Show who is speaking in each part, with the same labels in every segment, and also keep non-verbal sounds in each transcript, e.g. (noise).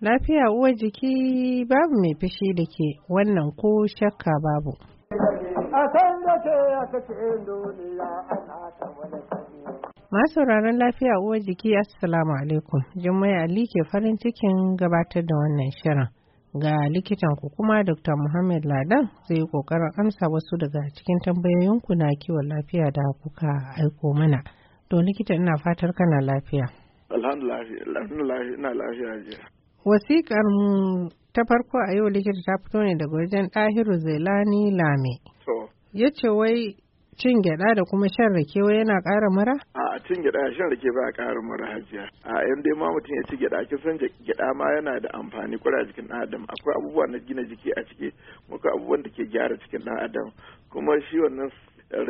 Speaker 1: Lafiya uwar jiki babu mai fushi da ke wannan ko shakka babu. Masu sauraron lafiya uwar jiki Assalamu alaikum. Jummai Ali ke farin cikin gabatar da wannan shirin. ga likitan ku kuma Dr. Muhammad Ladan zai yi kokarin amsa wasu daga cikin tambayoyinku na kiwon lafiya da kuka aiko mana. To likita ina fatar kana lafiya.
Speaker 2: Alhamdulillah ina lafiya
Speaker 1: Wasiƙar mu ta farko a yau likita ta fito ne daga wajen Ɗahiru Zelani Lame. Ya ce wai cin gyaɗa da kuma shan rake yana ƙara mura?
Speaker 2: A a cin gyaɗa shan rake ba ƙarin mara hajiya a yan dai ma mutum ya ci gyaɗa kin san gyaɗa ma yana da amfani kwarai a jikin ɗan adam akwai abubuwa na gina jiki a ciki muka abubuwan da ke gyara cikin ɗan adam kuma shi wannan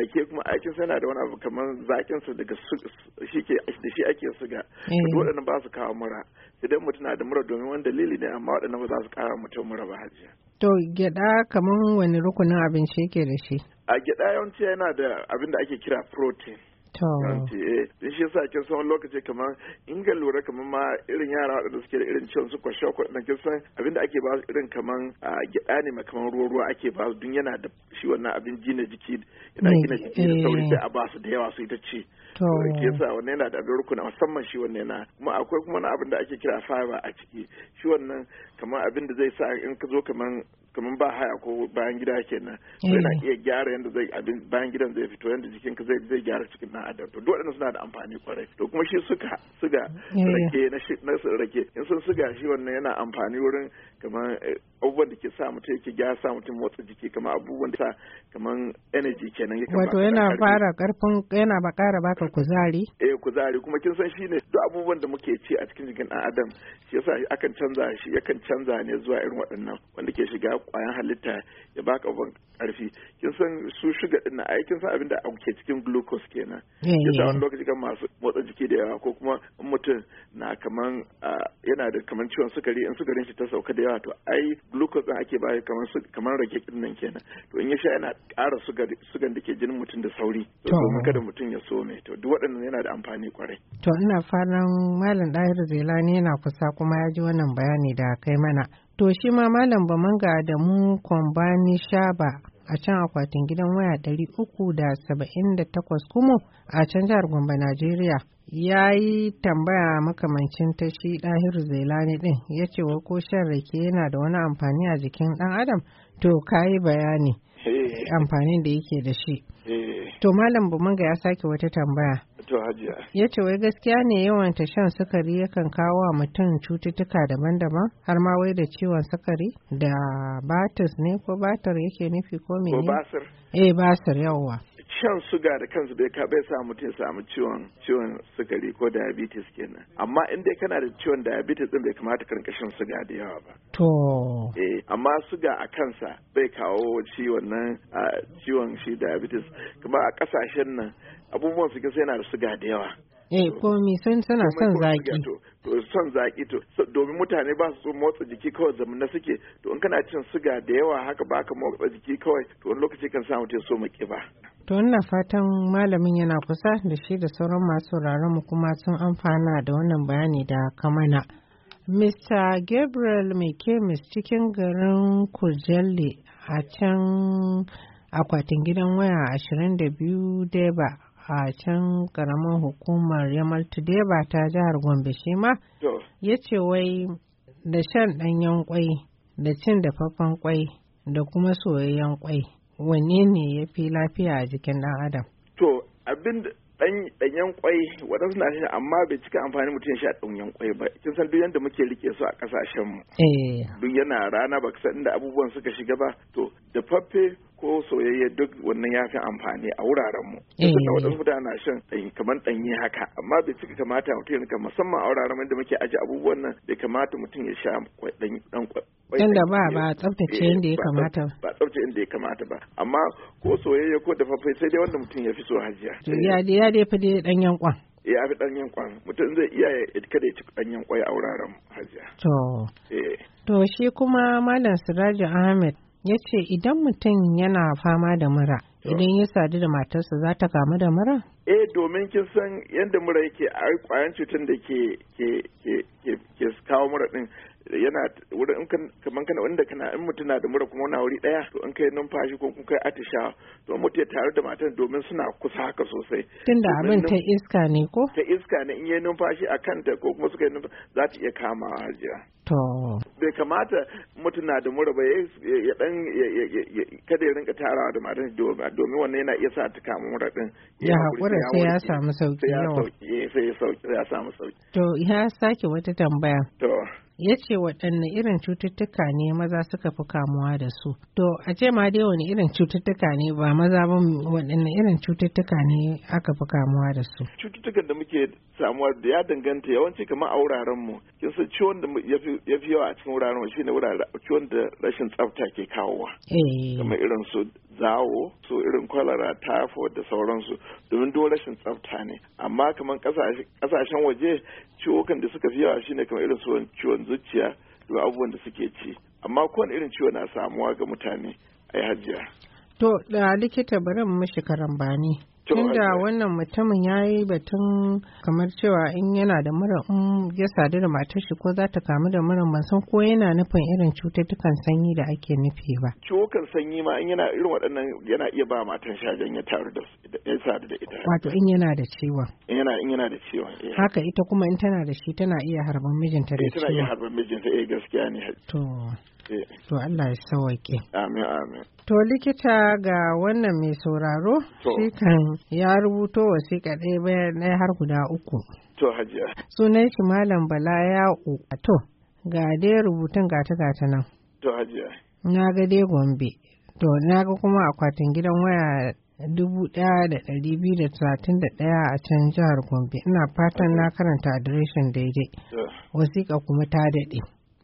Speaker 2: rake kuma aikin yana da wani abu kamar zakin sa daga shi da shi ake suga eh. duk waɗannan ba su kawo mura idan mutum na da mura domin wani dalili ne amma waɗannan ba za su kawo mutum mura ba hajiya
Speaker 1: to gyaɗa kamar wani rukunin abinci yake da shi
Speaker 2: a gyaɗa yawanci yana da abin da ake kira protein to eh. shi yasa kin san lokaci kamar in ga lura kamar ma irin yara da suke da irin ciwon su kwashe ko dan kin san abinda ake ba su irin kamar a gida ne kamar ruwa ruwa ake ba su dun yana da shi wannan abin gina jiki
Speaker 1: yana gina jiki da eh. sauri sai a
Speaker 2: ba su da yawa su ita ce
Speaker 1: to ke yasa
Speaker 2: wannan yana da abin rukuna musamman shi wannan yana kuma akwai kuma wani abin da ake kira fiber a ciki shi wannan kamar abin da zai sa in ka zo kamar kamar ba haya ko bayan gida kenan eh. na iya gyara yadda zai abin bayan gidan zai fito yadda jikin ka zai zai gyara cikin na adam to dole suna da amfani kwarai to kuma shi suka suga eh. rake na rake in sun suga shi wannan yana amfani wurin kamar eh, abubuwan da ke sa mutum yake gya sa mutum motsa jiki kamar abubuwan da sa kamar energy kenan ya wato yana
Speaker 1: fara karfin yana ba kara baka kuzari
Speaker 2: eh kuzari kuma kin san shine duk abubuwan da muke ci a cikin jikin dan adam shi yasa akan canza shi yakan canza ne zuwa irin waɗannan wanda ke shiga kwayan halitta ya baka ban karfi kin san su sugar din na ai kin san abin da ke cikin glucose kenan eh, yasa eh. wani lokaci kan masu motsa jiki da yawa ko kuma mutum na kaman ah, yana da kamar ciwon sukari in sukarin shi ta sauka da yawa to ai glucose din ake bayar kamar kamar rage nan kenan to in ya sha yana ƙara sugan da ke jinin mutum da sauri to domin kada mutum ya so mai to duk waɗannan yana da amfani kwarai
Speaker 1: to ina fatan malam ɗahir zelani yana kusa kuma ya ji wannan bayani da kai mana to shi ma malam bamanga da mu kwambani shaba a can akwatin gidan waya 378 kuma a can jihar Gombe Najeriya ya yi tambaya makamancin ta shi ɗahiru zailani ɗin ya ce wa ko shan rake yana da wani amfani a jikin ɗan adam to ka yi bayani eh. amfanin da yake da shi eh. to malam Bumanga ya sake wata tambaya to hajiya ya ce wai gaskiya ne yawan ta shan sukari yakan kawo wa mutum cututtuka daban-daban har ma wai da ciwon sukari da batis ne ko batar yake nufi ko mene ko basir eh basir yawwa
Speaker 2: shan suga da kansu bai ka bai sa mutum samu ciwon ciwon sukari ko diabetes kenan amma in dai kana da ciwon diabetes din bai kamata ka rinka shan suga da yawa ba to eh amma suga a kansa bai kawo ciwon nan ciwon shi diabetes kuma a kasashen nan abubuwan su sai yana da suga da yawa
Speaker 1: Eh, mi sun suna son zaki.
Speaker 2: Son zaki to, domin mutane ba su motsa jiki kawai zamana suke, to in kana cin suga da yawa haka baka motsa jiki kawai, to wani lokaci kan samu te so mu kiba.
Speaker 1: To wannan fatan malamin yana kusa da shi da sauran masu mu kuma sun amfana da wannan bayani da kamana. Mr. Gabriel Mekemis cikin garin Kujelle a can akwatin gidan waya 22 Deba a can karamin hukumar Yamaltu Deba ta jihar Gombe shi ma ya ce wai da shan ɗanyen kwai da cin dafaffen kwai da kuma soyayyen kwai. Wani ne ya fi lafiya a jikin ɗan adam?
Speaker 2: To abin ɗanyen kwai waɗansu na shi amma bai cika amfani mutum ya sha ɗanyen kwai ba kin san duk yadda muke rike su a ƙasashen mu. Eh. Duk yana rana ba san inda abubuwan suka shiga ba to da faffe ko soyayya duk wannan ya fi amfani a wuraren mu eh. da wadansu mutane na shan kamar danyi haka amma bai cika kamata mutum ka musamman a wuraren da muke aji abubuwan nan bai kamata mutum ya sha dan dan
Speaker 1: da ba ba tsaftace inda eh, ya kamata
Speaker 2: ba tsaftace inda ya kamata ba amma ko soyayya ko dafafai sai dai wanda mutum ya fi so hajiya ya
Speaker 1: dai ya dai fa dai dan yankwan
Speaker 2: ya fi ɗanyen kwan mutum zai iya kada ya ci ɗanyen kwai a wuraren hajiya. To, eh.
Speaker 1: to shi kuma Malam Siraju Ahmed ya ce idan mutum yana fama da mura idan ya sadu da matarsa za ta kamu da mura?
Speaker 2: eh domin kin san yadda mura yake a kwayan cutar da ke kawo mura din yana wurin in kaman kana wanda kana in mutum na da mura kuma wani wuri daya to in kai numfashi ko kai atisha to mutum ya tare da matan domin suna kusa haka sosai
Speaker 1: tunda abin ta iska ne
Speaker 2: ko ta iska ne in yi numfashi a kanta ko kuma suka yi numfashi za ta iya kama hajiya to bai kamata mutum na da mura ba ya dan kada ya rinka tarawa da matan domin wannan yana iya sa ta kama mura din ya hakura sai ya samu
Speaker 1: sauki yawa
Speaker 2: sai ya eh, samu sauki
Speaker 1: to ya sake wata tambaya to ya ce waɗanne irin cututtuka ne maza suka fi kamuwa da su to a ce ma dai wani irin cututtuka ne ba maza ba waɗanne irin cututtuka ne aka fi kamuwa da su
Speaker 2: cututtukan da muke samuwa da ya danganta yawanci kamar a wuraren mu kin san ciwon da ya fi yawa a cikin wuraren mu shine wuraren ciwon da rashin tsafta ke kawowa
Speaker 1: eh. kamar
Speaker 2: irin su zawo su irin kwalara typhoid da sauransu domin do rashin tsafta ne amma kamar kasashen waje ciwokan da suka fi yawa shine kamar irin su ciwon zuciya da abubuwan da suke ci amma kowane irin ciwo na samuwa ga mutane ai hajiya
Speaker 1: to da likita bari mu shi karambani Tunda wannan mutumin ya yi batun kamar cewa in yana da mura in ya sadu da matar shi ko za ta kamu da mura ban san ko yana nufin irin cututtukan sanyi da ake nufi ba.
Speaker 2: Ciwokan sanyi ma in yana irin waɗannan yana iya ba matan hajjan ya taru da ya sadu da ita. Wato in
Speaker 1: yana da ciwon.
Speaker 2: Yana in yana da ciwon. Eh. Haka
Speaker 1: ita kuma in tana da shi tana iya harban mijinta da ciwon. Eh, tana iya
Speaker 2: harban mijinta eh gaskiya ne.
Speaker 1: To. To Allah ya sawaƙe.
Speaker 2: Amin amin.
Speaker 1: To likita ga wannan mai sauraro shi kan ya rubuto wasiƙa ɗaya bayan ɗaya har guda uku. To hajiya. Sunan shi Malam Bala ya to ga dai rubutun gata gata nan. To hajiya. Na ga dai Gombe. To na ga kuma akwatin gidan waya dubu ɗaya da da da ɗari biyu ɗaya a can jihar Gombe. Ina fatan na karanta adireshin daidai. Wasiƙa kuma ta daɗe.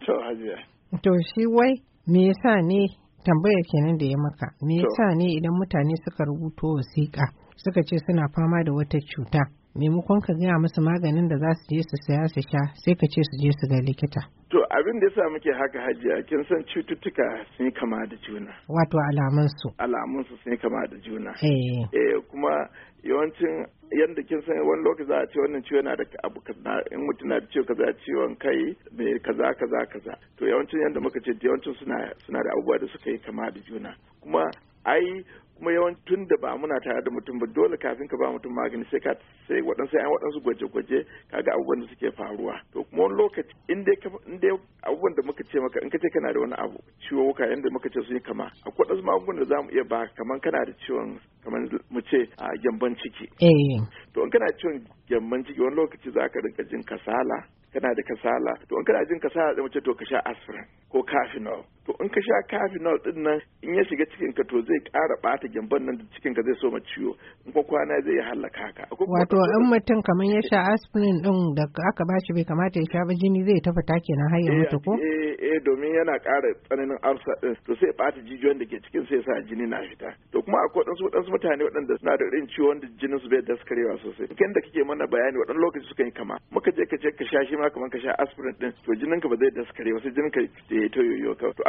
Speaker 2: To hajiya.
Speaker 1: To shi wai me yasa ne tambaya kenan da ya maka me yasa ne idan mutane suka rubuto wasiƙa suka ce suna fama da wata cuta maimakon ka gaya musu maganin da za su je su saya su sha sai ka ce su je su ga likita.
Speaker 2: To abin da yasa muke haka hajiya kin san cututtuka sun yi kama da juna.
Speaker 1: Wato Alamun
Speaker 2: su sun kama da juna. Eh, eh kuma yawancin yadda kin san wani lokaci za a ce wannan ciwo yana da abu kaza in mutum na da ciwo kaza ciwon kai me kaza kaza kaza to yawancin yadda muka ce yawancin suna suna da abubuwa da suka yi kama da juna kuma ai kuma yawan tun da ba muna tare da mutum ba dole kafin ka ba mutum magani sai ka sai waɗansu ɗan waɗansu gwaje-gwaje kaga abubuwan da suke faruwa to kuma wani lokaci in dai in dai abubuwan da muka ce maka in ka ce kana da wani abu ciwo wuka yanda muka ce sun yi kama akwai wasu magungunan da zamu iya ba kaman kana da ciwon kaman mu ce a gyamban ciki eh. to in kana ciwon gyamban ciki wani lokaci za ka rinka jin kasala kana da kasala to in kana jin kasala da mace to ka sha aspirin ko kafinol to in ka sha kafinol din nan in ya shiga cikin ka to zai ƙara ɓata gyamban nan da cikin ka zai soma ciwo in ko kwana zai ya hallaka ka
Speaker 1: wato in mutum kamar ya sha aspirin din da aka bashi bai kamata ya sha ba jini zai ta fita kenan har ya eh, mutu ko
Speaker 2: eh eh domin yana ƙara tsananin arsa din to sai ɓata jijiyoyin da ke cikin sai sa jini na fita to kuma akwai wadansu wadansu mutane waɗanda suna da irin ciwon da jinin su bai daskarewa sosai kin da kike mana bayani waɗannan lokaci suka yi kama muka je ka je ka sha shi ma kamar ka sha aspirin din to jinin ka ba zai daskarewa sai jinin ka ya to yoyo ka to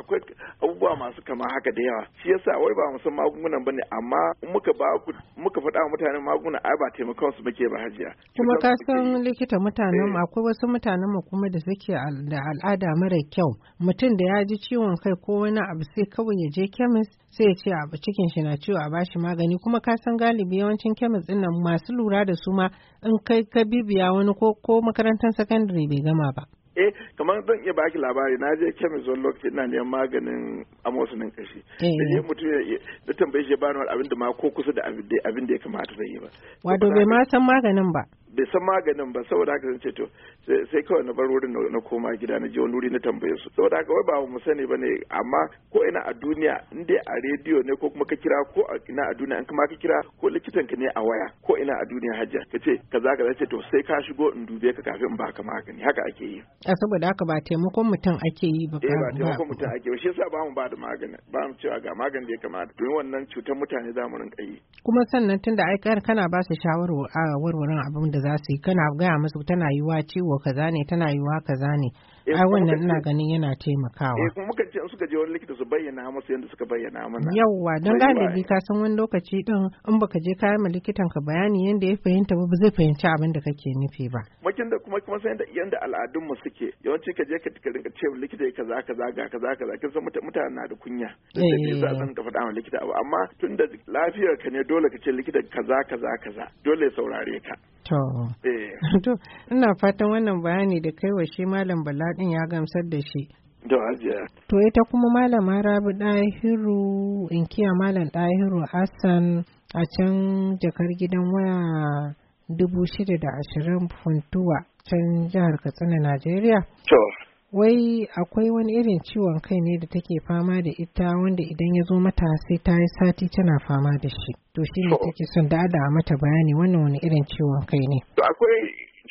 Speaker 2: akwai abubuwa masu kama haka da yawa shi yasa wai ba san magungunan bane amma muka ba ku muka faɗa wa mutanen magunguna ai ba taimakon su muke ba hajiya
Speaker 1: kuma ka san likita mutanen eh. akwai wasu mutanen mu kuma da suke da al'ada mara kyau mutum da ya ji ciwon kai ko wani abu sai kawai ya je kemis sai ya ce a cikin shi na ciwo a bashi magani kuma ka san galibi yawancin kemis din masu lura da su ma in kai ka bibiya wani ko makarantar sakandare bai gama ba
Speaker 2: eh kamar zan iya baki labari na je kemis wani lokaci ina neman maganin amosunin kashi eh. da je mutum da tambayi shi wani abin da ma ko kusa da abin da ya kamata zai yi ba
Speaker 1: wato bai ma san maganin ba
Speaker 2: bai san maganin ba saboda haka zan ce to sai kawai na bar wurin na koma gida na je wani wuri na tambaye su saboda haka wai ba mu sani ba ne amma ko ina a duniya in dai a rediyo ne ko kuma ka kira ko ina a duniya in kuma ka kira ko likitan ka ne a waya ko ina a duniya hajja ka ce ka za ka ce to sai ka shigo in dube ka kafin in baka magani haka ake yi
Speaker 1: a saboda haka ba taimakon mutum ake yi ba ba eh, taimakon
Speaker 2: mutum ake yi shi yasa ba mu ba da magani ba mu cewa ga magani da ya kamata domin wannan cutar mutane za mu rinka yi
Speaker 1: kuma sannan tunda ai kana ba su shawarwarin abin da za su yi kana gaya musu tana yiwa ciwo kaza ne tana yiwa kaza ne Eh, ai wannan ina ganin yana taimakawa eh kuma
Speaker 2: muka ce in suka je wani likita su bayyana masa yadda suka bayyana mana yawwa don galibi
Speaker 1: ka san wani lokaci din in baka je kayan ma likitan ka bayani yadda ya fahimta ba ba zai fahimci abin da kake nufi ba
Speaker 2: makin da kuma kuma san yadda al'adun mu suke yawanci ka je ka rinka ce likita kaza kaza ga kaza kaza kin san mutane na da kunya
Speaker 1: da ne za san
Speaker 2: ka faɗa ma likita ba amma tunda lafiyar ka ne dole ka ce likita kaza kaza kaza dole saurare ka eh. (laughs)
Speaker 1: To, ina fatan wannan bayani da kai wa shi Malam Bala din ya gamsar da shi. To ajiya. To ita kuma malama Rabi Dahiru inkiya malam Dahiru Hassan a can jakar gidan waya dubu shida da ashirin funtuwa can jihar Katsina Najeriya. wai akwai wani irin ciwon kai ne da take fama da ita wanda idan ya zo mata sai ta yi sati tana fama da shi to shi ne take son da a mata bayani wannan wani irin ciwon kai ne
Speaker 2: akwai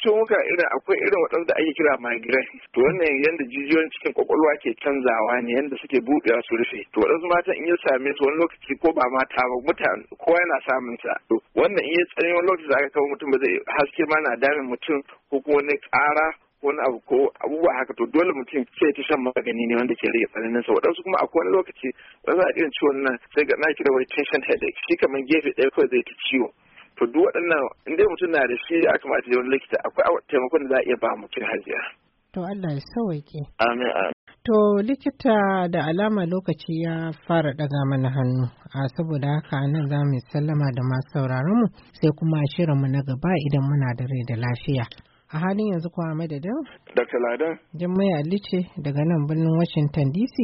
Speaker 2: ciwuka irin akwai irin waɗanda ake kira migraine to wannan yanda jijiyoyin cikin kwakwalwa ke canzawa ne yanda suke buɗewa su rufe to waɗansu matan in ya same su wani lokaci ko ba mata ba mutane kowa yana samun sa to wannan in ya tsare wani lokaci aka kawo mutum ba zai haske ma na damin mutum ko kuma wani ƙara wani abu ko abubuwa haka to dole mutum sai ta shan magani ne wanda ke rage tsananin sa waɗansu kuma a wani lokaci wani za a ciwon nan sai ga na kira wani tension headache shi kamar gefe ɗaya kawai zai ta ciwo to duk waɗannan in dai mutum na da shi ya kamata ya wani likita akwai taimakon da za a iya ba kin hajiya.
Speaker 1: To Allah ya sauwaƙe. Amin amin. To likita da alama lokaci ya fara ɗaga mana hannu, a saboda haka nan za mu sallama da masu mu sai kuma mu na gaba idan muna da rai da lafiya. A halin yanzu kuma madadin?
Speaker 2: Dr. Ladan.
Speaker 1: Jummai Ali ce daga nan birnin Washington DC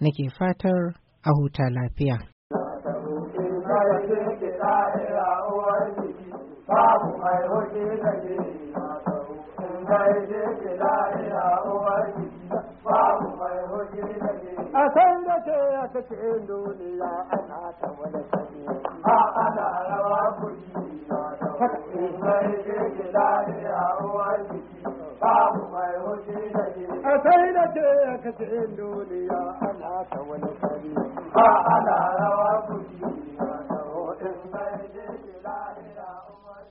Speaker 1: nake fatar a huta lafiya.
Speaker 2: babu mai da
Speaker 1: ke da ke a san da ke ya duniya ana ta wani
Speaker 2: Ba a ana rawa kuɗi mata in dai je a lahira uwar babu mai hoji da ke a san da ke ya duniya ana ta wani Ba a
Speaker 1: ana rawa kuɗi